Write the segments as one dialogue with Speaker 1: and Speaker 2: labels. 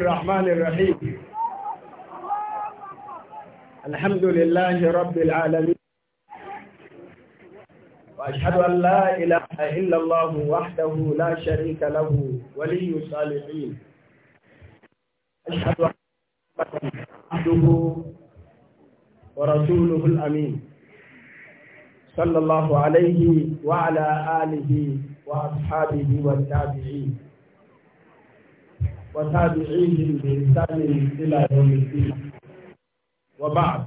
Speaker 1: الرحمن الرحيم الحمد
Speaker 2: لله رب العالمين وأشهد أن لا إله إلا الله وحده لا شريك له ولي الصالحين أشهد أن عبده ورسوله الأمين صلى الله عليه وعلى آله وأصحابه والتابعين وتابعيهم بإحسان إلى يوم الدين وبعد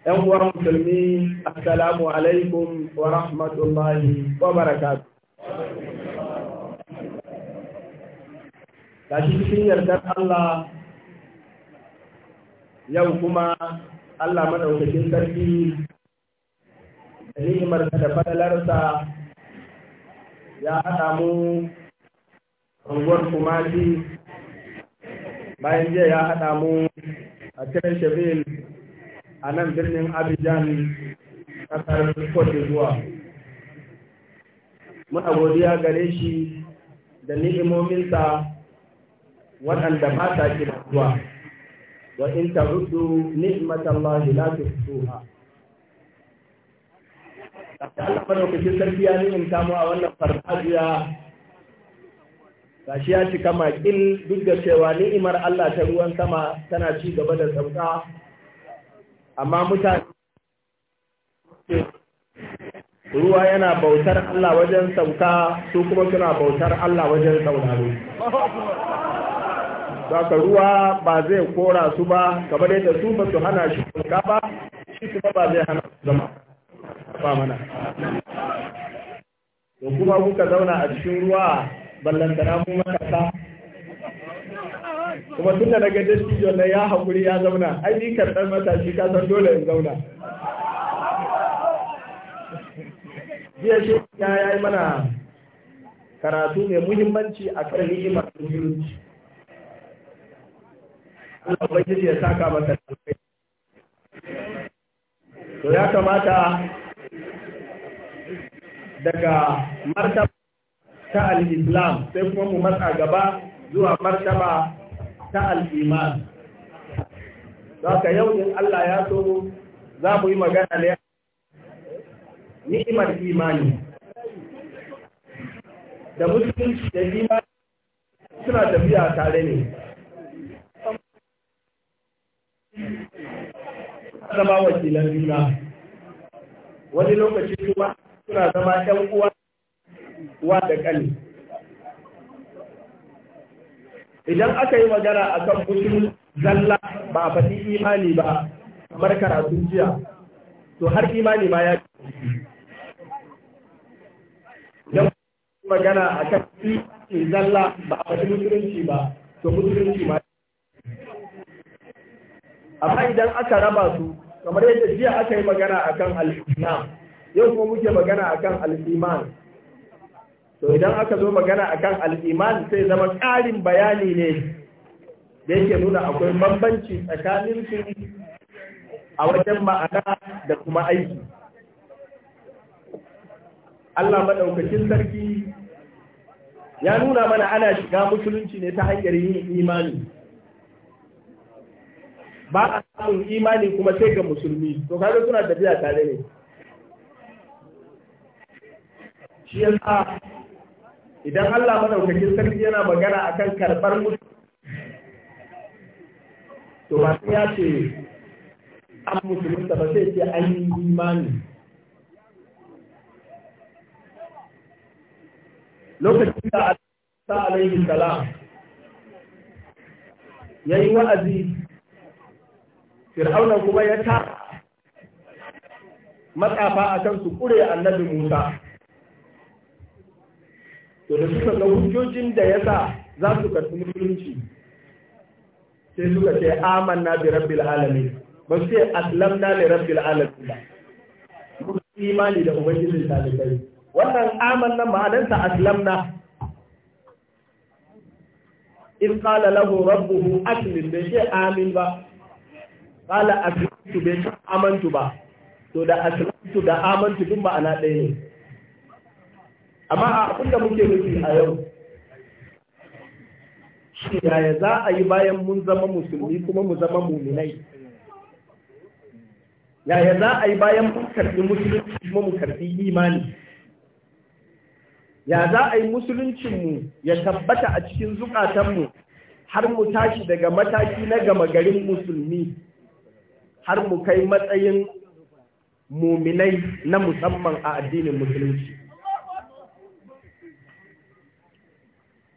Speaker 2: ‘Yan uwan musulmi, Assalamu alaikum wa rahmatullahi wa barakatu. Tashi cikin yardar Allah, yau kuma Allah maɗaukakin sarki da ni'imar da fadalarsa ya haɗa mu anguwar kumasi bayan jiya ya haɗa mu a cikin shabil a nan birnin abidjan ƙasar cote zuwa. muna godiya gare shi da ni'imominsa waɗanda ba ta zuwa. wa in taruddu ni'matallahi la tuhsuha Allah madaukakin sarki ya ni'imta mu a wannan farfajiya gashi ya cika makil duk da cewa ni'imar Allah ta ruwan sama tana ci gaba da sauka amma mutane ruwa yana bautar Allah wajen sauka su kuma suna bautar Allah wajen sauraro Saka ruwa ba zai kora su ba kamar da su ba su hana shi sauka ba shi kuma ba zai hana su zama ba mana da kuma kuka zauna a cikin ruwa ballantana mu matasa
Speaker 1: kuma tun da na ga
Speaker 2: na ya haƙuri ya zauna ai ni karɓar matashi ka san dole in zauna
Speaker 1: jiya shi ya yi mana
Speaker 2: karatu mai muhimmanci a kan ni'imar muhimmanci Allah ya saka masa to ya kamata daga martaba ta al-islam sai kuma mu matsa gaba zuwa martaba ta al-iman za ka yau in Allah ya so za mu yi magana ne ni'imar imani
Speaker 1: da musulunci da imani suna tafiya tare ne zama wakilan
Speaker 2: juna wani lokaci kuma suna zama 'yan uwa wa da kani
Speaker 1: idan aka yi magana a kan mutum zalla ba a faɗi imani
Speaker 2: ba kamar karatun jiya to har imani ma ya idan magana a kan mutum, zalla ba a faɗi musulunci ba to musulunci ma amma idan aka raba su kamar yadda jiya aka yi magana a kan al'islam yau kuma muke magana a kan al'iman to idan aka zo magana akan al'iman sai zama ƙarin bayani ne da yake nuna akwai bambanci tsakanin su a wajen ma'ana da kuma aiki
Speaker 1: Allah maɗaukacin sarki
Speaker 2: ya nuna mana ana shiga musulunci ne ta hanyar yin imani ba a samun imani kuma sai ga musulmi to kaga suna tafiya tare ne shi yasa idan Allah madaukakin sarki yana magana akan karbar mutu to ba sai ya ce an musulunta ba sai ce an yi imani lokacin da ta alaihi salam ya yi wa'azi fir'auna kuma ya ta matsafa akan kan su kure annabi musa to da suka ga hujjojin da ya sa za su karfi musulunci sai suka ce amanna bi rabbil alamin ba su ce aslamna li rabbil alamin ba muka imani da ubangijin talibai wannan nan ma'anarsa na in qala lahu rabbuhu aslim bai ce amin ba aslim aslamtu bai ce amantu ba to da aslamtu da amantu duk ma'ana ɗaya ne
Speaker 1: amma a abin da muke nufi a
Speaker 2: yau shi yaya za a yi bayan mun zama musulmi kuma mu zama muminai yaya za a yi bayan mun karbi musulunci kuma mu karbi imani ya za a yi musuluncinmu ya tabbata a cikin zukatanmu har mu tashi daga mataki na gama garin musulmi har mu kai matsayin muminai na musamman a addinin musulunci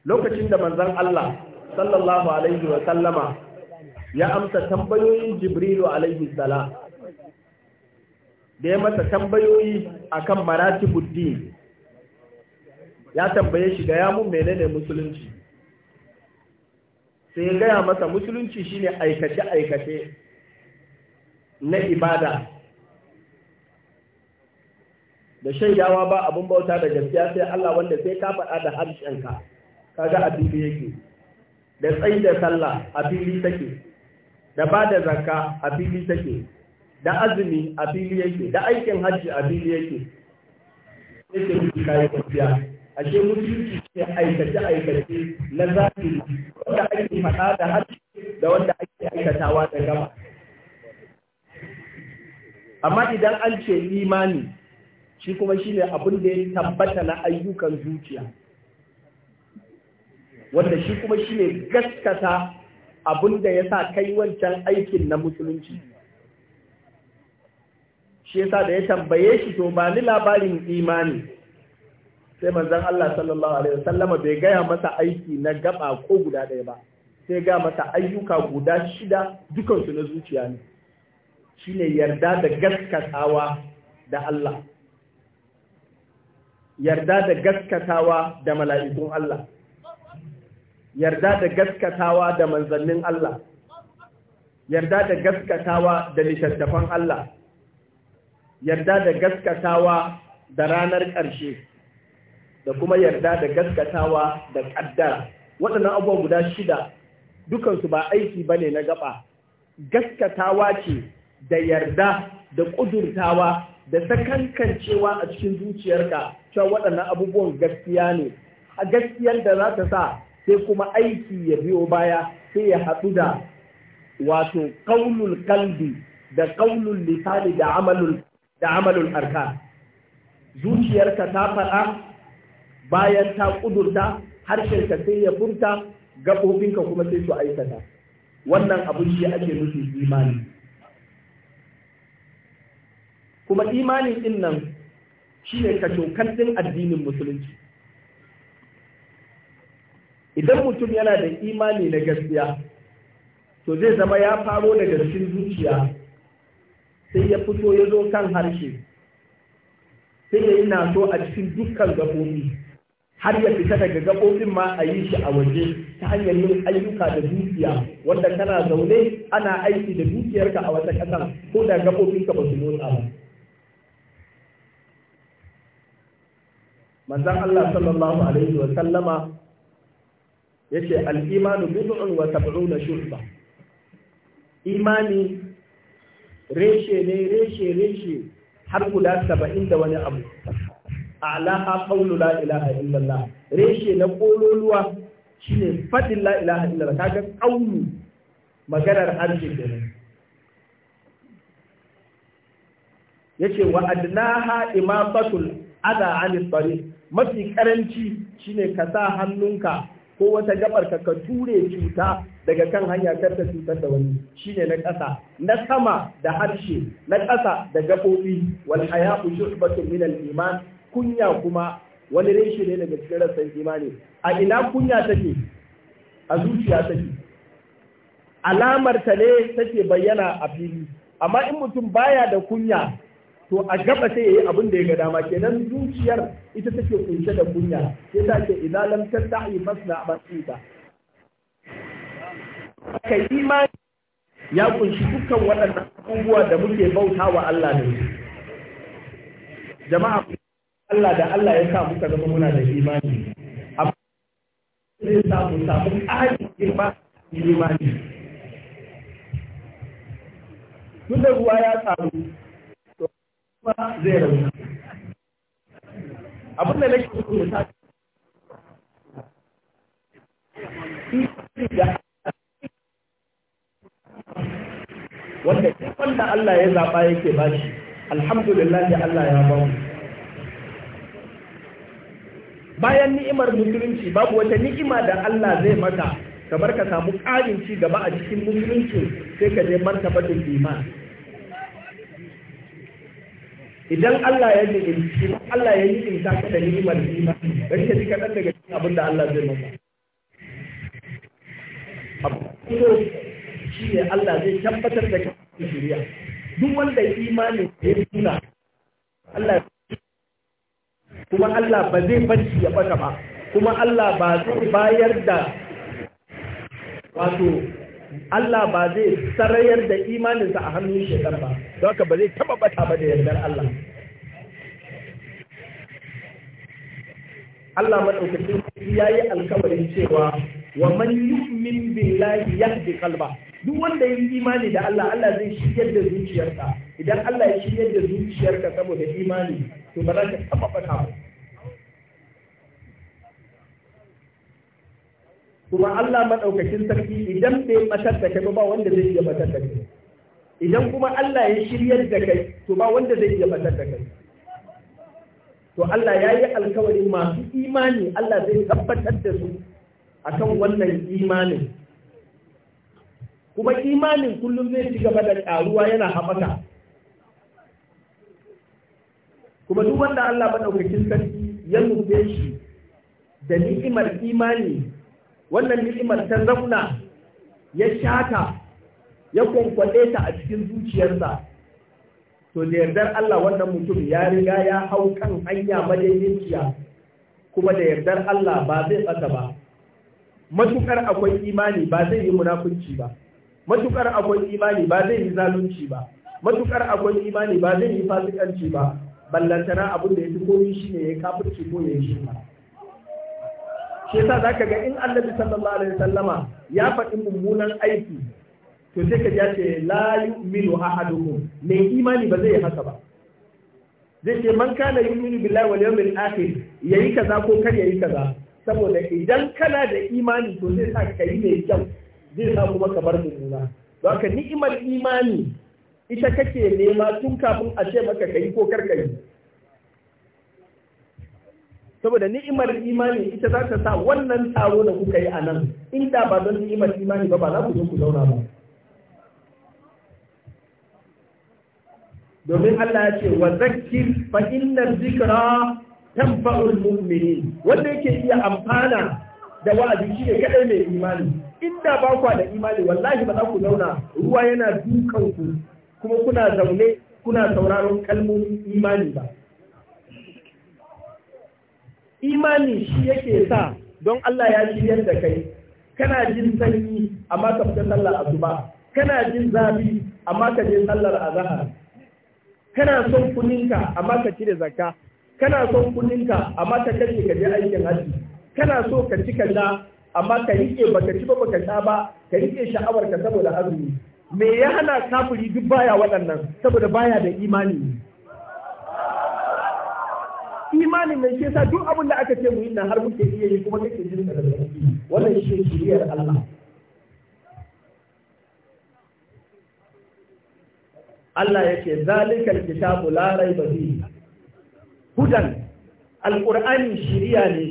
Speaker 2: lokacin da manzon Allah sallallahu alaihi wa sallama ya amsa tambayoyin Jibrilu alaihi sala da ya masa tambayoyi akan maratibuddin ya tambaye shi ga mun menene musulunci sai ya gaya masa musulunci shine aikace-aikace na ibada da shayyawa ba abin bauta da gaskiya sai Allah wanda sai ka faɗa da harshenka kaga a fili yake da tsayi da sallah a fili take da ba da zakka a fili take da azumi a fili yake da aikin hajji a fili yake yake mutu kayan tafiya ashe mutunci ce aikace aikace na zafi wanda ake faɗa da hajji da wanda ake aikatawa da gama? amma idan an ce imani shi kuma shine abin da ya tabbata na ayyukan zuciya wanda shi kuma shi ne gaskata abin da ya sa kai wancan aikin na musulunci shi yasa da ya tambaye shi to ba ni labarin imani sai manzan Allah sallallahu alaihi wasallama bai gaya masa aiki na gaba ko guda ɗaya ba sai ga masa ayyuka guda shida dukansu na zuciya ne ne yarda da gaskatawa da Allah yarda da gaskatawa da mala'ikun Allah yarda da gaskatawa da manzannin Allah yarda da gaskatawa da littattafan Allah yarda da gaskatawa da ranar ƙarshe da kuma yarda da gaskatawa da ƙaddara waɗannan abubuwan guda shida dukansu ba aiki ba ne na gaba gaskatawa ce da yarda da ƙudurtawa da sakankancewa a cikin zuciyarka cewa waɗannan abubuwan gaskiya ne a gaskiyar da za ta sa sai kuma aiki ya biyo baya sai ya haɗu da wato ƙaunul kalbi da ƙaunul lisani da amalul da arka zuciyarka ta faɗa bayan ta ƙudurta harshenka sai ya furta gaɓoɓinka kuma sai su aikata wannan abin shi ake nufi imani kuma imanin ɗin nan shi ne kacokan ɗin addinin musulunci idan mutum yana da imani na gaskiya to zai zama ya faro daga cikin zuciya sai ya fito ya zo kan harshe sai ya yi naso a cikin dukkan gabobi, har ya fita daga gabobin ma a yi shi a waje ta hanyar yin ayyuka da dukiya wanda kana zaune ana aiki da dukiyarka a wata ƙasa ko da ka ba su motsa ba manzon Allah sallallahu alaihi wa sallama yace al-imanu bid'un wa sab'una shu'ba imani reshe ne reshe reshe har guda saba'in da wani abu alaha qawlu la ilaha illallah reshe na kololuwa shine fadin la ilaha illallah kaga qawlu maganar harshe ne. yace wa adnaha imabatul ada anil tariq mafi karanci shine ka sa hannunka ko wata gabar ka ture cuta daga kan hanya kar cutar da wani shine na ƙasa na sama da harshe na ƙasa da gaɓoɓi wal haya'u shu'batun min al iman kunya kuma wani reshe ne daga cikin rassan imani a ina kunya take a zuciya take alamar ta ne take bayyana a fili amma in mutum baya da kunya to a gaba sai yayi abin da ya ga dama kenan zuciyar ita take kunshe da kunya sai ta ce idza lam tastahi fasna basita kai imani ya kunshi dukkan waɗannan abubuwa da muke bauta wa Allah da su jama'a Allah da Allah ya sa muka zama muna da imani amma zai sa mu samu ƙarin girma imani tunda ruwa ya samu kuma zai rauni abin da nake so da sake wanda wanda Allah ya zaɓa yake ba shi alhamdulillah da Allah ya ba mu bayan ni'imar musulunci babu wata ni'ima da Allah zai maka kamar ka samu ƙarin ci gaba a cikin musulunci sai ka je martaba da iman idan Allah ya yi in Allah ya yi in ta ka da ni'imar imani dan ka ji kadan daga cikin abin da Allah zai maka abu shi ne Allah zai tabbatar da kai shiriya duk wanda imani ya nuna Allah kuma Allah ba zai barci ya baka ba kuma Allah ba zai bayar da wato Allah ba zai sarayar da imaninsa a hannun shekar ba, don haka ba zai taba bata ba da yardar Allah. Allah maɗaukacin ya yi alkawarin cewa wa man yu'min billahi yahdi qalba duk wanda ya imani da Allah Allah zai shiryar da zuciyarsa idan Allah ya shiryar da zuciyarka saboda imani to ba za ka taba bata ba kuma Allah maɗaukakin sarki idan bai matar da kai ba wanda zai iya matar da kai idan kuma Allah ya shiryar da kai to ba wanda zai iya matar da kai to Allah ya yi alkawarin masu imani Allah zai tabbatar da su akan wannan imanin kuma imanin kullum zai ci gaba da ƙaruwa yana haɓaka kuma duk wanda Allah maɗaukakin sarki ya nufe shi da ni'imar imani wannan ni'imar ta zauna ya shata ya kwankwaɗe ta a cikin zuciyarsa to da yardar Allah wannan mutum ya riga ya hau kan hanya madaidaiciya kuma da yardar Allah ba zai ɓata ba matukar akwai imani ba zai yi munafunci ba matukar akwai imani ba zai yi zalunci ba matukar akwai imani ba zai yi fasikanci ba ballantana abin da ya fi komi shi ne ya kafirci ko ya yi shi ba. sa za ka ga in annabi sallallahu alaihi sallama ya faɗi mummunan aiki to sai ka ja ce la yu'minu ahadukum mai imani ba zai haka ba zai ce man kana yu'minu billahi wal yawmil akhir yayi kaza ko kar yayi kaza saboda idan kana da imani to zai sa ka yi mai kyau zai sa kuma ka bar mummuna don haka ni'imar imani ita kake nema tun kafin a ce maka kai ko kar ka yi saboda ni'imar imani ita za ta sa wannan taro da kuka yi a nan inda ba don ni'imar imani ba ba za ku zo ku zauna ba domin Allah ya ce wa zakir fa inna zikra tanfa'ul mu'minin wanda yake iya amfana da wa'azi shi ne kadai mai imani inda ba ku da imani wallahi ba za ku zauna ruwa yana dukan ku kuma kuna zaune kuna sauraron kalmomin imani ba imani shi yake sa don Allah ya shiryar da kai kana jin sanyi amma ka fita sallar asuba kana jin zafi amma ka je sallar azahar kana son kuninka amma ka cire zakka kana son kuninka amma ka kashe ka je aikin haji kana so ka ci kalla amma ka rike baka ci ba baka sha ba ka rike sha'awar ka saboda azumi me ya hana kafuri duk baya waɗannan saboda baya da imani imanin mai shi yasa duk abin da aka ce mu yin har muke iya yi kuma kake jin da wannan shi shiriyar Allah Allah yake zalikal kitabu la raiba fihi hudan alqur'ani shiriya ne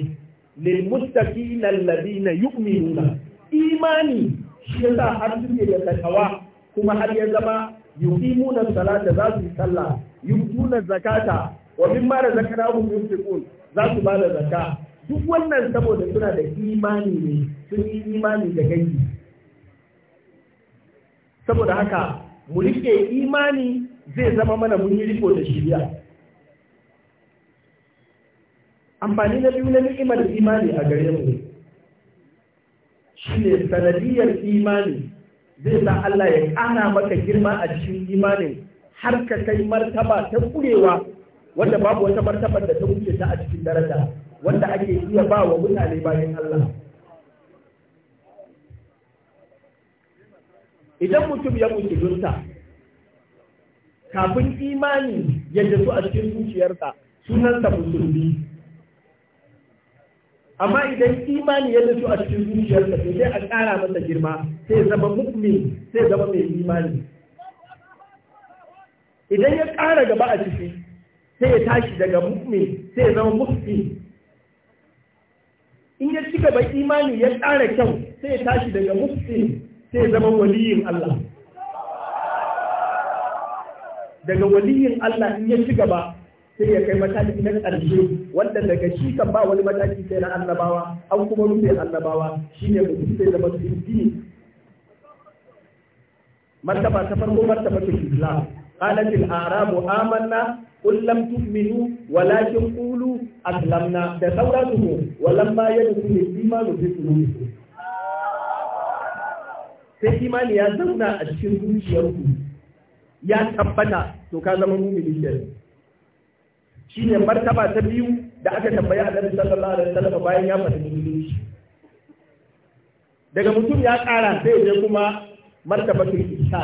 Speaker 2: lil mustaqina alladhina yu'minuna imani shi yasa har suke da takawa kuma har ya zama yuqimuna salata za su yi sallah yuqimuna zakata wa min ma da zakara hum yunfiqun za su ba da zakka duk wannan saboda suna da imani ne sun yi imani da gani saboda haka mu rike imani zai zama mana mun yi riko da shiriya amfani na biyu na ni'imar imani a gare mu Shi ne sanadiyar imani zai sa Allah ya ƙara maka girma a cikin imanin har ka kai martaba ta kurewa wanda babu wata martabar da ta wuce ta a cikin daraja wanda ake iya ba wa mutane bayan Allah idan mutum ya dunta, kafin imani ya su a cikin zuciyarsa sunansa musulmi amma idan imani ya su a cikin zuciyarsa to sai a ƙara masa girma sai zama mu'min sai zama mai imani idan ya ƙara gaba a ciki sai ya tashi daga mu'min sai ya zama mufti in ya ci gaba imani ya tsara kyau sai ya tashi daga mufti sai ya zama waliyin Allah daga waliyin Allah in ya ci gaba sai ya kai mataki na ƙarshe wanda daga shi kan ba wani mataki sai na annabawa an kuma rufe annabawa shine mutum sai zama sufi martaba ta farko martaba ta islam قالت الأعراب آمنا قل لم تؤمنوا ولكن قولوا أسلمنا بثورته ولما يدخل الإيمان في قلوبكم sai imani ya zauna a cikin zuciyarku ya tabbata to ka zama mumini ke shine martaba ta biyu da aka tambaya a ɗarin sallallahu alaihi wasallam bayan ya fadi musulunci daga mutum ya ƙara sai je kuma martaba ta isa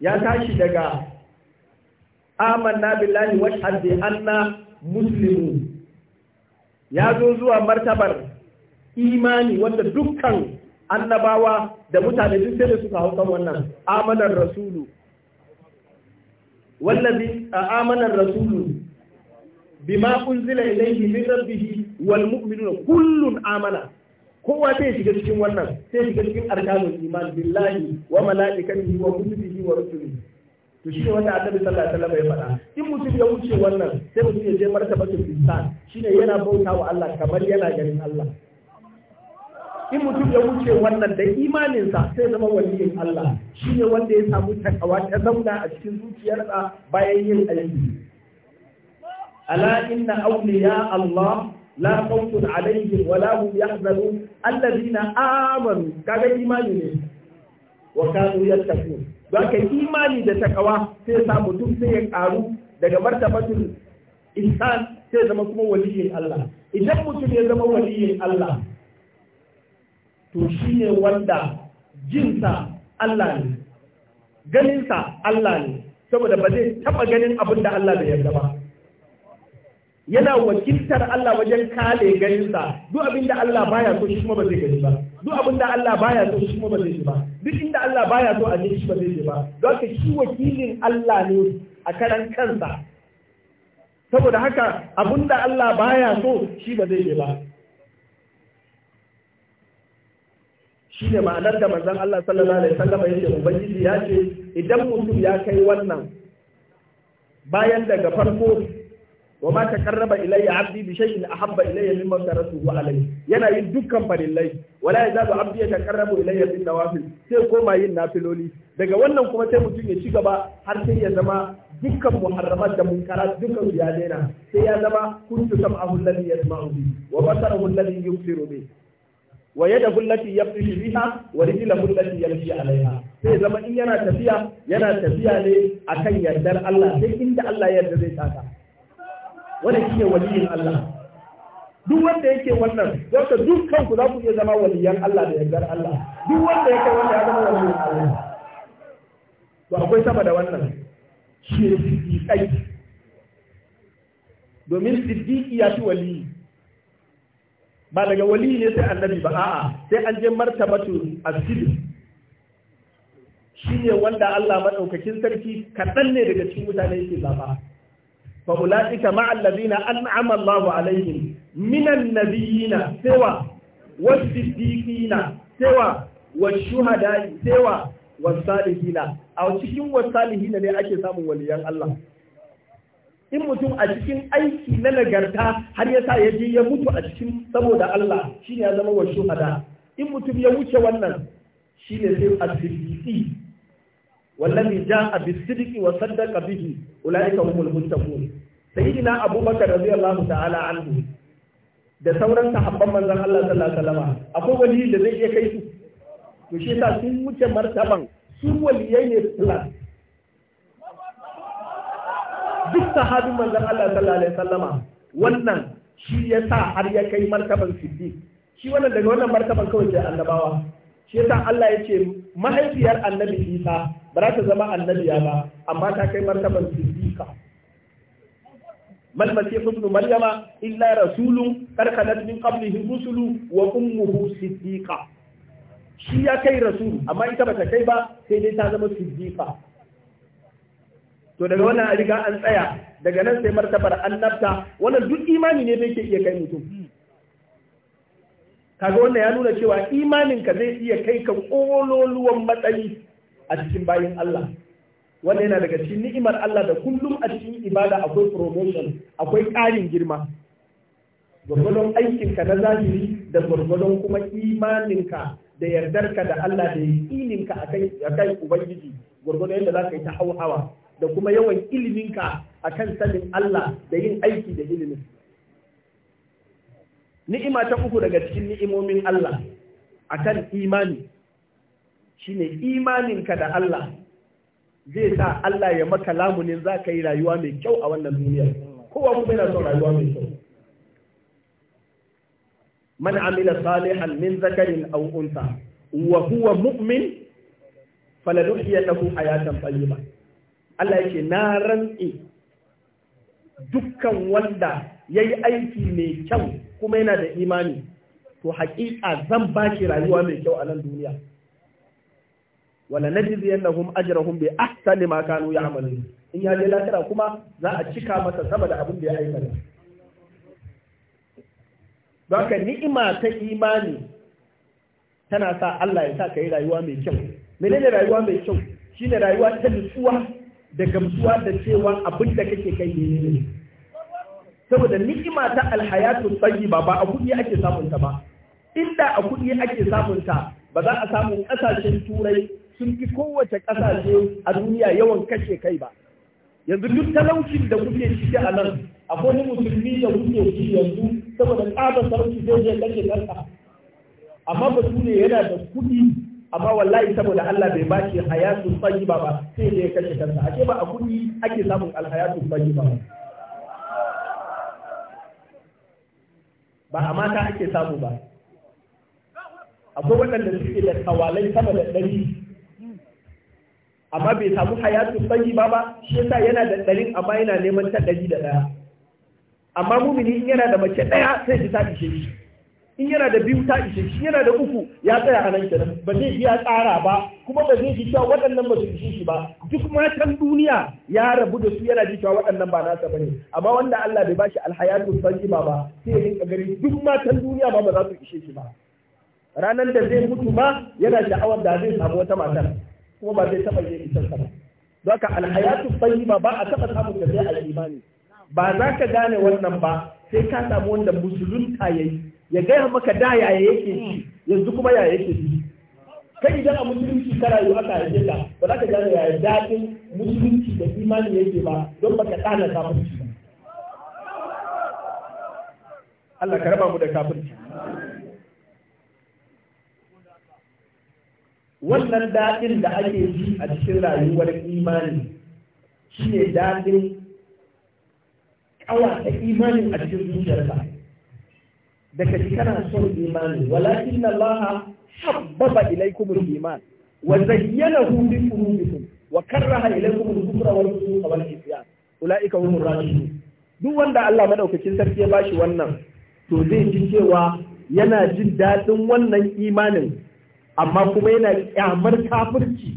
Speaker 2: ya tashi daga amanna billahi wa shahadu anna muslimu ya zo zuwa martabar imani wanda dukkan annabawa da mutane duk sai da suka hau wannan amanar rasulu
Speaker 1: wallazi
Speaker 2: amanar rasulu bima unzila ilayhi min rabbihi wal mu'minuna kullun amana kowa zai shiga cikin wannan sai shiga cikin arkanul iman billahi wa malaikatihi wa kutubihi wa rusulihi to shi ne wanda annabi sallallahu alaihi wasallam ya faɗa in mutum ya wuce wannan sai mutum ya je martabatul insan shine yana bauta wa Allah kamar yana ganin Allah
Speaker 1: in mutum ya wuce
Speaker 2: wannan da imaninsa sai zama waliyin Allah shine wanda ya samu takawa ta zauna a cikin zuciyarsa bayan yin aiki ala inna awliya Allah la khawfun alaihim wa la hum yahzanun alladhina amanu kaga imani ne wa kanu yattaqun ba ka imani da takawa sai sa mutum sai ya karu daga martabatul insan sai zama kuma waliyin Allah idan mutum ya zama waliyin Allah to shine wanda jinsa Allah ne ganinsa Allah ne saboda ba zai taba ganin abin da Allah bai yarda ba yana wakiltar Allah wajen kale ganinsa duk abinda Allah baya so shi kuma ba zai gani ba duk abinda Allah baya so shi kuma ba zai ba duk inda Allah baya so a je shi ba zai ji ba don haka shi wakilin Allah ne a karan kansa saboda haka abinda Allah baya so shi ba zai ji ba shi ne ma'anar da manzon Allah sallallahu alaihi wasallam yake ubangiji ya ce idan mutum ya kai wannan bayan daga farko wa ma taqarraba ilayya 'abdi bi shay'in ahabba ilayya mimma tarasuhu alayhi yana yin dukkan farillai wala yazalu 'abdi yataqarrabu ilayya bin nawafil sai koma yin nafiloli daga wannan kuma sai mutum ya ci gaba har sai ya zama dukkan muharramat da munkarat dukkan su sai ya zama kuntu sam'ahu alladhi yasma'u bi wa basarahu alladhi yubsiru bi wa yadahu allati yabtishu biha wa rijluhu allati yamshi alaiha sai zama in yana tafiya yana tafiya ne akan yardar Allah sai inda Allah yadda zai taka wanda shi ne waliyin Allah duk wanda yake wannan wanda duk kanku za ku iya zama waliyan Allah da yardar Allah duk wanda yake wanda ya zama waliyan Allah to akwai sama da wannan shi ne siddiqai domin siddiqi ya fi waliyi ba daga wali ne sai annabi ba a'a sai an je martabatu Shi ne wanda Allah madaukakin sarki kaɗan ne daga cikin mutane yake zaba فأولئك مع الذين أنعم الله عليهم من النبيين سوى والصديقين سوى والشهداء سوى والصالحين أو cikin والصالحين ne ake samun waliyan Allah in mutum a cikin aiki na nagarta har yasa ya je ya mutu a cikin saboda Allah shine ya zama wa shuhada in mutum ya wuce wannan shine sai as wallazi ja'a bisidqi wa saddaqa bihi ulaika humul muttaqun sayyidina abubakar radiyallahu ta'ala anhu da sauran sahabban manzon Allah sallallahu alaihi wasallam akwai wali da zai iya kai su to shi yasa sun wuce martaban su waliyai ne plus duk sahabin manzon Allah sallallahu alaihi wasallam wannan shi yasa har ya kai martaban siddiq shi wannan daga wannan martaban kawai ke annabawa shi yasa Allah ya ce mahaifiyar annabi Isa ba za ta zama annabiya ba amma ta kai martaban siddiqa mal masih ibn maryama illa rasulun karkalat min qablihi rusulu wa ummuhu siddiqa shi ya kai rasul amma ita ba ta kai ba sai dai ta zama siddiqa to daga wannan riga an tsaya daga nan sai martabar annabta wannan duk imani ne bai ke iya kai mutum kaga wannan ya nuna cewa imaninka zai iya kai ka kololuwan matsayi a cikin bayin Allah Wanda yana daga cikin ni'imar Allah da kullum a cikin ibada akwai promotion akwai ƙarin girma gwargwadon aikinka na zahiri da gwargwadon kuma imaninka da yardarka da Allah da yaqininka akan akan ubangiji gwargwadon yadda za ka yi ta hawa da kuma yawan iliminka akan sanin Allah da yin aiki da ilimin ni'ima ta uku daga cikin ni'imomin Allah akan imani shine imaninka da Allah zai sa Allah ya maka lamunin za ka yi rayuwa mai kyau a wannan duniyar kowa kuma yana son rayuwa mai kyau man amila salihan min zakarin aw unta wa huwa mu'min faladuhiyatahu hayatan tayyiba Allah yake na rantsi dukkan wanda yayi aiki mai kyau kuma yana da imani to haƙiƙa zan ba shi rayuwa mai kyau a nan duniya wala najzi annahum ajrahum bi ahsani ma kanu ya'malun in ya je lafiya kuma za a cika masa sama da abin da ya aikata don ka ni'ima ta imani tana sa Allah ya sa ka yi rayuwa mai kyau menene rayuwa mai kyau shine rayuwa ta nutsuwa da gamsuwa da cewa abin da kake kai ne ne saboda ni'ima ta alhayatu tayyiba ba a kuɗi ake samun ba inda a kuɗi ake samunta ba za a samu ƙasashen turai sun fi kowace ƙasashe a duniya yawan kashe kai ba yanzu duk talaucin da kuke ciki a nan akwai musulmi da kuke ci yanzu saboda tsaba sarki zai je kashe kansa amma ba ne yana da kuɗi amma wallahi saboda Allah bai ba shi hayatu tayyiba ba sai ya kashe kansa ake ba a kuɗi ake samun alhayatu tayyiba ba ba a mata ake samu ba akwai waɗanda suke da tawalai sama da ɗari amma bai samu hayatun sanyi ba ba shi yasa yana da ɗari amma yana neman ta ɗari da ɗaya amma mumini in yana da mace ɗaya sai ki ta ishe shi in yana da biyu ta ishe shi yana da uku ya tsaya a nan kenan ba zai biya tsara ba kuma ba zai ji cewa waɗannan ba su ishe shi ba duk matan duniya ya rabu da su yana ji cewa waɗannan ba nasa bane amma wanda Allah bai bashi alhayatu tayyiba ba sai ya rinka gari duk matan duniya ba ba za su ishe shi ba ranar da zai mutu ma yana sha'awar da zai samu wata matar kuma ba zai taɓa yin isar ba don haka alhayatu tayyiba ba a taɓa samun da zai al'imani ba za ka gane wannan ba sai ka samu wanda musulunta yayi ya gaya maka da yaya yake ji yanzu kuma yaya yake ji kai idan a musulunci kana rayu haka yake ka ba za ka gane yaya daɗin musulunci da imani yake ba don baka tsana kafirci Allah ka raba mu da kafirci wannan daɗin da ake ji a cikin rayuwar imani shi ne daɗin ƙawa da imanin a cikin zuciyarsa daga ji kana son imani walakin Allah habbaba ilaykum al-iman wa zayyanahu fi qulubikum wa karaha ilaykum al-kufra wal fusuq wal isyan ulaika humur rashidun duk wanda Allah madaukakin sarki ya bashi wannan to zai ji cewa yana jin dadin wannan imanin amma kuma yana kyamar kafirci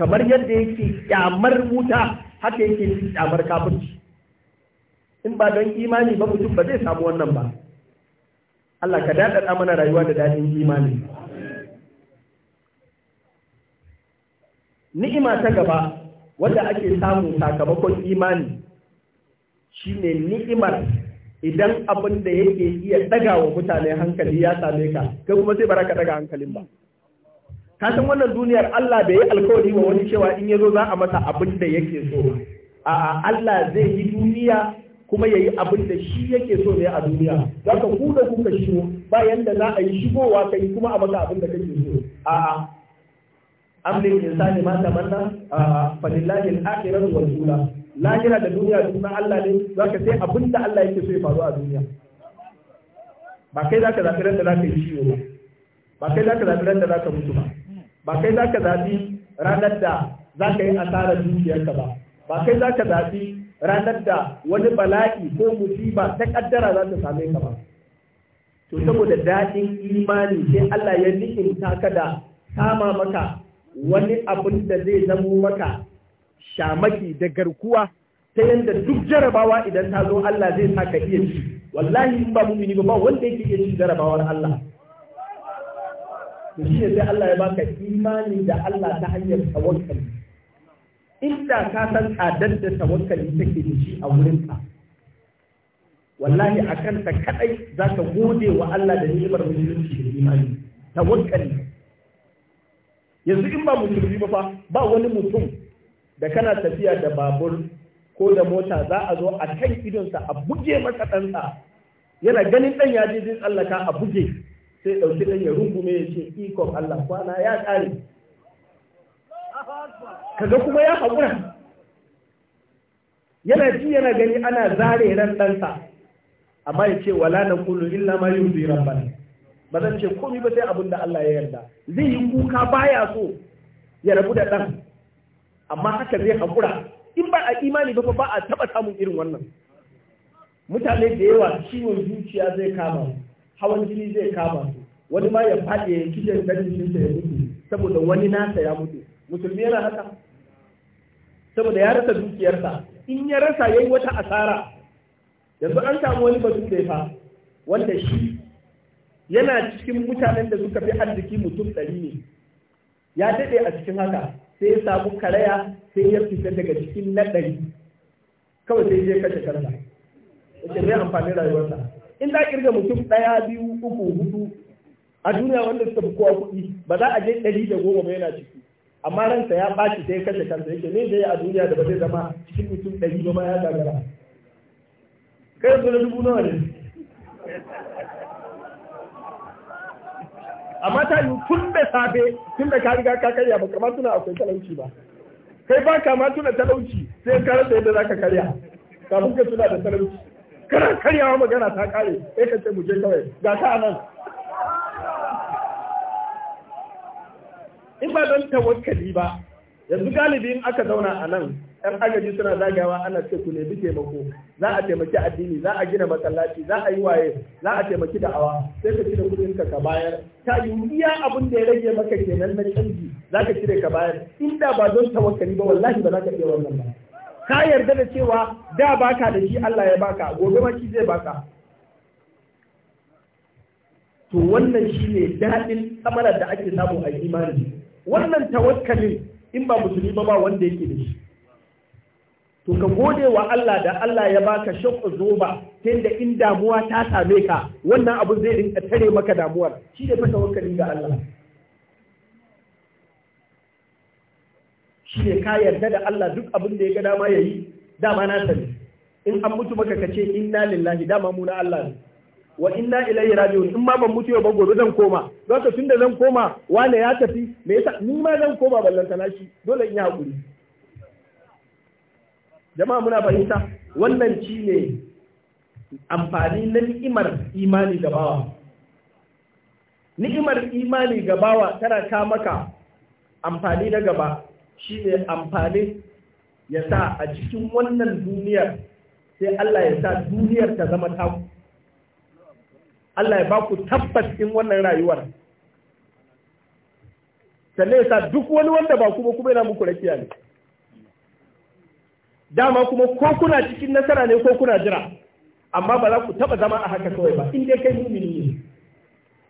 Speaker 2: kamar yadda yake kyamar wuta haka yake kyamar kafirci in ba don imani ba mutum ba zai samu wannan ba Allah ka daɗaɗa mana rayuwa da daɗin imani ni'ima ta gaba wanda ake samu sakamakon imani shine ni'imar idan abin da yake iya daga wa mutane hankali ya same ka kai kuma sai baraka daga hankalin ba ka wannan duniyar Allah bai yi alkawari wa wani cewa in yazo za a masa abin da yake so a'a Allah zai yi duniya kuma ya yi abin da shi yake so ne a duniya za ka ku da kuka shigo bayan da za a yi shigowa ka yi kuma a maka abin da kake so a'a amrin insani ma ta tamanna falillahi al-akhiratu wal ula lahira da duniya duk na Allah ne zaka sai abin da Allah yake so ya faru a duniya ba kai zaka zabi ran da zaka yi shiwo ba ba kai zaka zabi ran da zaka mutu ba ba kai zaka zabi ranar da zaka yi asarar dukiyarka ba ba kai zaka zabi ranar da wani bala'i ko musiba ta kaddara za ta same ka ba to saboda daɗin imani sai Allah ya ni'imta ka da kama maka wani abin da zai zamo maka shamaki da garkuwa ta yadda duk jarabawa idan ta zo Allah zai sa ka iya ci wallahi in ba mumini ba wanda yake iya ci jarabawar Allah to ne sai Allah ya baka imani da Allah ta hanyar tsawon tawakkali inda ka san tsadar da tawakkali take da shi a wurinka wallahi a kanta kadai za ka gode wa Allah da ni'imar musulunci da imani tawakkali yanzu in ba musulmi ba fa ba wani mutum da kana tafiya da babur ko da mota za a zo a kan idonsa a buge masa ɗansa yana ganin ɗan ya je zai tsallaka a buge sai ɗauki ɗan ya rungume ya ce ikon Allah kwana ya ƙare
Speaker 1: kaga kuma ya haƙura
Speaker 2: yana ci yana gani ana zare ran ɗansa amma ya ce wala na kulu illa ma yi ran bane ba zan ce komi ba sai abin da Allah ya yarda zai yi kuka baya so ya rabu da ɗan amma haka zai haƙura in ba a imani ba ba a taɓa samun irin wannan mutane da yawa ciwon zuciya zai kama hawan jini zai kama wani ma ya faɗi ya kishin ɗan jikinsa ya mutu saboda wani nasa ya mutu musulmi yana haka saboda ya rasa dukiyarsa in ya rasa ya yi wata asara yanzu an samu wani batun da fa wanda shi yana cikin mutanen da suka fi arziki mutum ɗari ne ya daɗe a cikin haka sai ya samu karaya sai ya fita daga cikin na ɗari kawai sai ya kashe kansa
Speaker 1: wace mai amfani rayuwarsa
Speaker 2: in za a kirga mutum ɗaya biyu uku hudu a duniya wanda suka fi kowa kuɗi ba za a je ɗari da goma ba yana ciki amma ransa ya ɓaci sai kashe kansa yake ne zai a duniya da ba zai zama cikin mutum ɗari ba ya gagara kai yanzu na dubu nawa ne amma ta yi tun da safe tun da ka riga ka karya ba kamar tuna akwai talauci ba kai ba ka ma tuna talauci sai ka rasa yadda ka karya kafin ka tuna da talauci kana karyawa magana ta kare sai ka ce mu je kawai ga ka nan in ba don tawakkali ba yanzu galibi in aka zauna a nan yan agaji suna zagawa ana ce ku nemi taimako za a taimaki addini za a gina masallaci za a yi waye za a taimaki awa sai ka cire kudin ka ka bayar ta yi iya abin da ya rage maka kenan na canji za ka cire ka bayar In da ba don tawakkali ba wallahi ba za ka iya wannan ba ka yarda da cewa da baka da shi Allah ya baka gobe ma shi zai baka to wannan shine daɗin tsamarar da ake samu a imani wannan tawakkalin in ba musulmi ba ba wanda yake da shi to ka gode wa Allah da Allah ya baka shakku zoba ta in damuwa ta same ka wannan abu zai rinka tare maka damuwar shi ne fa tawakkali ga Allah shi ne ka yarda da Allah duk abin da ya ga dama yayi dama na sani in an mutu maka kace inna lillahi dama mu na Allah ne wa inna ilayhi raji'un in ma ban mutu ba gobe zan koma don ka tunda zan koma wane ya tafi me yasa ni ma zan koma ballanta na shi dole in yi hakuri jama'a muna fahimta wannan ci ne amfani na ni'imar imani ga ni'imar imani gabawa bawa tana ka maka amfani na gaba shi ne amfani ya sa a cikin wannan duniyar sai Allah ya sa duniyar ta zama taku Allah ya ba ku tabbas in wannan rayuwar sannan yasa duk wani wanda ba kuma kuma yana muku rakiya ne dama kuma ko kuna cikin nasara ne ko kuna jira amma ba za ku taba zama a haka kawai ba in dai kai mumini ne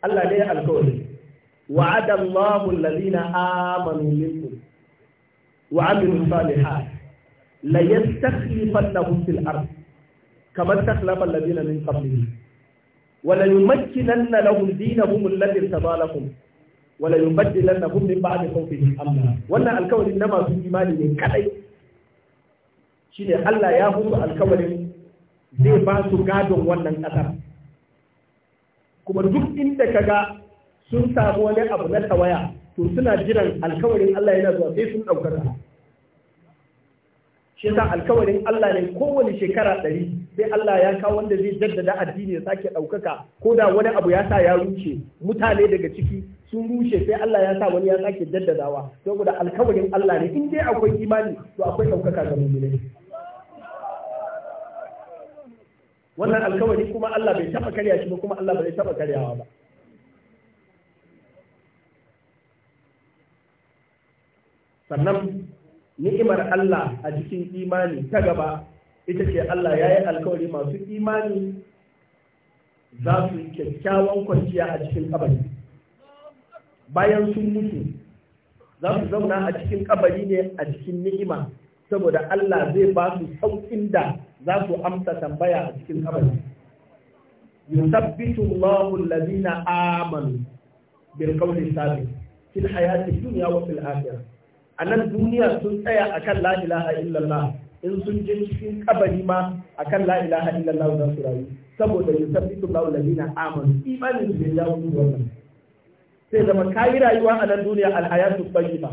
Speaker 2: Allah ne ya alkawari ma Allahu lalina amanu minkum wa amilu salihat la yastakhlifannahum fil ard kama istakhlafa lalina min qablihim wala yumakkinanna lahum dinahum alladhi tabalahum wala yubaddilannahum min ba'di khawfihim amna wannan alkawarin na masu imani ne kadai shine Allah ya musu alkawarin zai ba gadon wannan kasar kuma duk inda kaga sun samu wani abu na tawaya to suna jiran alkawarin Allah yana zuwa sai sun daukar shi yasa alkawarin Allah ne kowane shekara ɗari sai Allah ya kawo wanda zai jaddada addini ya sake ɗaukaka ko da wani abu ya sa ya rushe mutane daga ciki sun rushe sai Allah ya sa wani ya sake jaddadawa saboda alkawarin Allah ne in dai akwai imani to akwai ɗaukaka ga mummune
Speaker 1: wannan alkawari
Speaker 2: kuma Allah bai taɓa karya shi ba kuma Allah bai taɓa karyawa ba sannan ni'imar Allah a jikin imani ta gaba ita ce Allah ya yi alkawari masu imani za su yi kyakkyawan kwanciya a cikin kabari bayan sun mutu za su zauna a cikin kabari ne a cikin ni'ima saboda Allah zai ba su saukin da za su amsa tambaya a cikin kabari yusabbitu Allahu allazina amanu bil qawli sabit fil hayati dunya wa fil akhirah anan duniya sun tsaya akan la ilaha illallah in sun je cikin kabari ma akan la ilaha illallah za su rayu saboda yusabbitu Allahu alladhina amanu imanin su ya jawo musu wannan sai zama yi rayuwa a nan duniya alhayatu tayyiba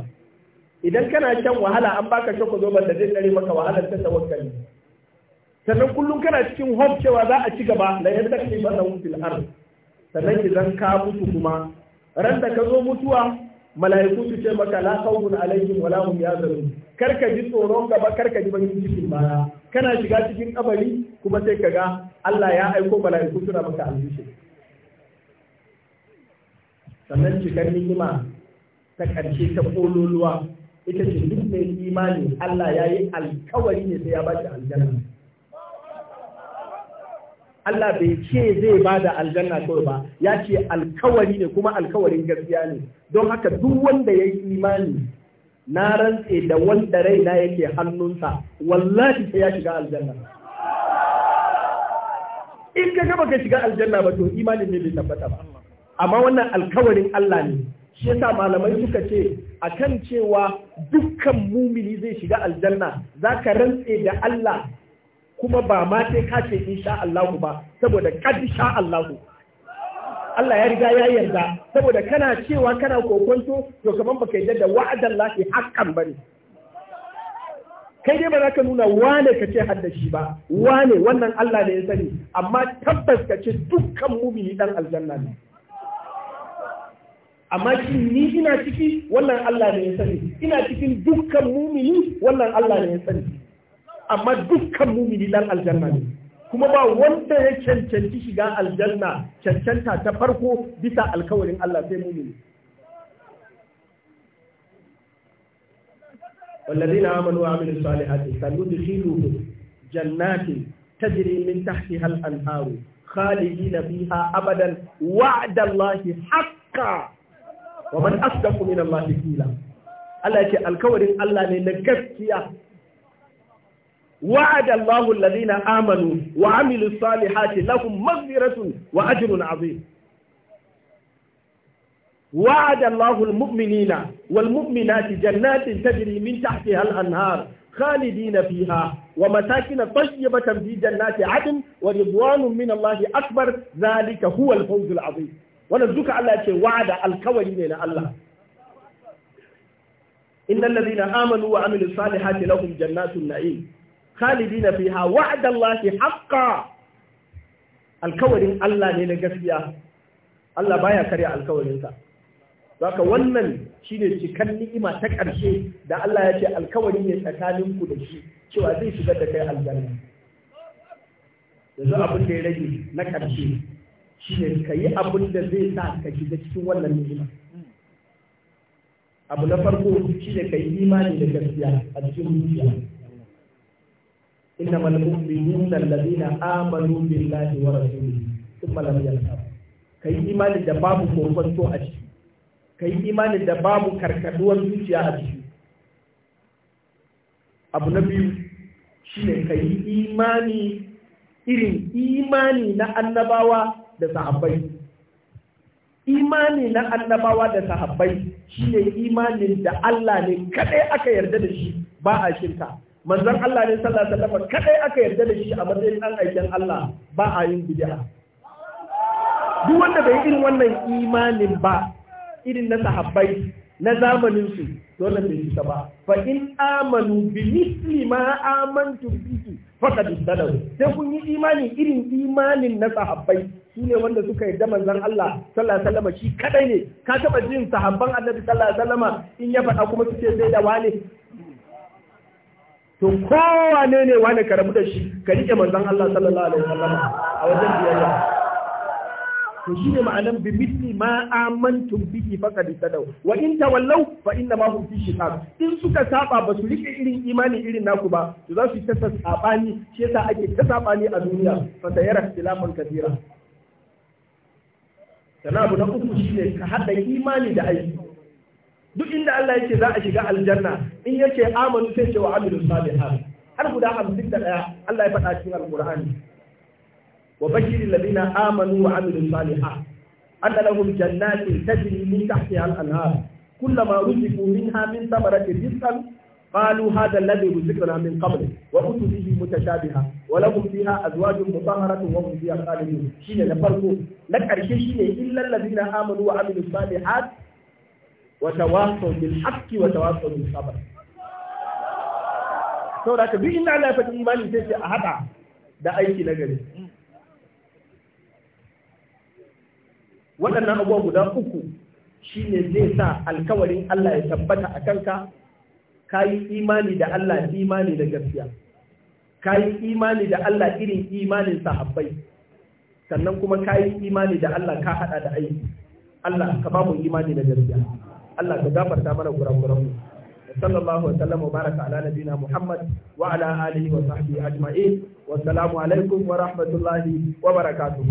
Speaker 2: idan kana kyan wahala an baka shako zoban da zai tsare maka wahalar ta tawakkali sannan kullum kana cikin hope cewa za a ci gaba la yadda kai ba na fil ard sannan idan ka mutu kuma ran da ka zo mutuwa mala'iku su ce maka la khawfun alaihim wala hum yahzanun karka ji tsoron gaba karka ji bangin cikin baya kana shiga cikin kabari kuma sai kaga Allah ya aiko mala'iku suna maka alheri sannan cikar ni'ima ta karshe ta kololuwa ita ce duk mai imani Allah ya yi alkawari ne sai ya ba shi aljanna Allah bai ce zai ba da aljanna kawai ba ya ce alkawari ne kuma alkawarin gaskiya ne don haka duk wanda ya yi imani na rantse da wanda raina yake hannunsa wallahi sai ya shiga aljanna in ka gaba ka shiga aljanna ba to imanin ne bai tabbata ba amma wannan alkawarin Allah ne shi yasa malamai suka ce a kan cewa dukkan mumini zai shiga aljanna za ka rantse da Allah kuma ba ma sai ka ce sha Allahu ba saboda kad sha Allahu Allah ya riga ya yarda saboda kana cewa kana kokonto to kaman baka yarda da wa'adan lahi hakan bane kai dai ba za ka nuna wane ka ce hadda shi ba wane wannan Allah ne ya sani amma tabbas ka ce dukkan mumini dan aljanna ne amma shi ni ina ciki wannan Allah ne ya sani ina cikin dukkan mumini wannan Allah ne ya sani amma dukkan mumini dan aljanna ne kuma ba wanda ya cancanci shiga aljanna cancanta ta farko bisa alkawarin Allah sai mumini والذين آمنوا وعملوا الصالحات سندخلهم جنات تجري من تحتها الأنهار خالدين فيها أبدا وعد الله حقا ومن أصدق من الله قيلا Allah ce alkawarin Allah ne na gaskiya وعد الله الذين آمنوا وعملوا الصالحات لهم مغفرة وأجر عظيم وعد الله المؤمنين والمؤمنات جنات تجري من تحتها الأنهار خالدين فيها ومساكن طيبة في جنات عدن ورضوان من الله أكبر ذلك هو الفوز العظيم ونزلك على وعد الكوين الله إن الذين آمنوا وعملوا الصالحات لهم جنات النعيم khalidina fiha wa'dallahi haqqan alkawarin Allah ne na gaskiya Allah baya karya alkawarinsa Zaka wannan shine cikan ni'ima ta ƙarshe da Allah ya ce alkawari ne tsakanin ku da shi cewa zai shiga da kai aljanna. Yanzu abin da ya rage na ƙarshe shine ka yi abin da zai sa ka shiga cikin wannan ni'ima. Abu na farko shine ka yi imani da gaskiya a cikin zuciya. Inna إنما الأميون الذين آمنوا بالله ورسوله ثم لم يرتابوا kai imanin da babu kokonto a ciki kai imanin da babu karkaduwar zuciya a ciki abu na biyu shine kai imani irin imani na annabawa da sahabbai imani na annabawa da sahabbai shi ne imanin da Allah ne kadai aka yarda da shi ba a shirka manzon Allah ne sallallahu alaihi wasallam kadai aka yarda da shi a matsayin dan aikin Allah ba a yin bid'a duk wanda bai irin wannan imanin ba irin na sahabbai na zamanin su dole bai su ba fa in amanu bi misli ma amantu bihi faqad istadaw sai kun yi imani irin imanin na sahabbai shine ne wanda suka yarda manzon Allah sallallahu alaihi wasallam shi kadai ne ka taba jin sahabban Annabi sallallahu alaihi wasallam in ya faɗa kuma suke sai da wane to kowane ne wani karamu da shi ka rike manzon Allah sallallahu alaihi wasallam a wajen biyayya to shine ma'anan bi mithli ma amantum bihi faqad sadaw wa in tawallaw fa inna ma hum fi shiqaq in suka saba ba su rike irin imani irin naku ba to za su ta sabani shi yasa ake ta sabani a duniya fa sayara ikhtilafan kathira sana abu na uku shine ka hada imani da aiki duk inda Allah yake za a shiga aljanna in ya ce amanu sai ce wa amilu salihan har guda hamsin da ɗaya Allah ya faɗa cikin alƙur'ani wa bashirin ladina amanu wa amilu salihan anna lahum jannatin tajri min tahtiha al-anhar kullama ruziqu minha min thamaratin rizqan qalu hadha alladhi ruziqna min qabl wa utu bihi mutashabiha wa lahum fiha azwajun mutahharatun wa hum fiha khalidun shine na farko na karshe shine illan ladina amanu wa amilu salihat وتواصوا بالحق وتواصوا بالصبر saboda ka duk inda Allah ya faɗi imani sai ce a haɗa da aiki na gari waɗannan abubuwa guda uku shi ne zai sa alkawarin Allah ya tabbata a kanka ka yi imani da Allah imani da gaskiya ka yi imani da Allah irin imanin sahabbai sannan kuma ka yi imani da Allah ka haɗa da aiki Allah ka ba mu imani da gaskiya Allah ka gafarta mana kurakuran mu sallallahu wa sallama baraka ala nabina Muhammad wa ala alihi wa sahbihi ajma'in wa assalamu alaikum wa rahmatullahi wa barakatuh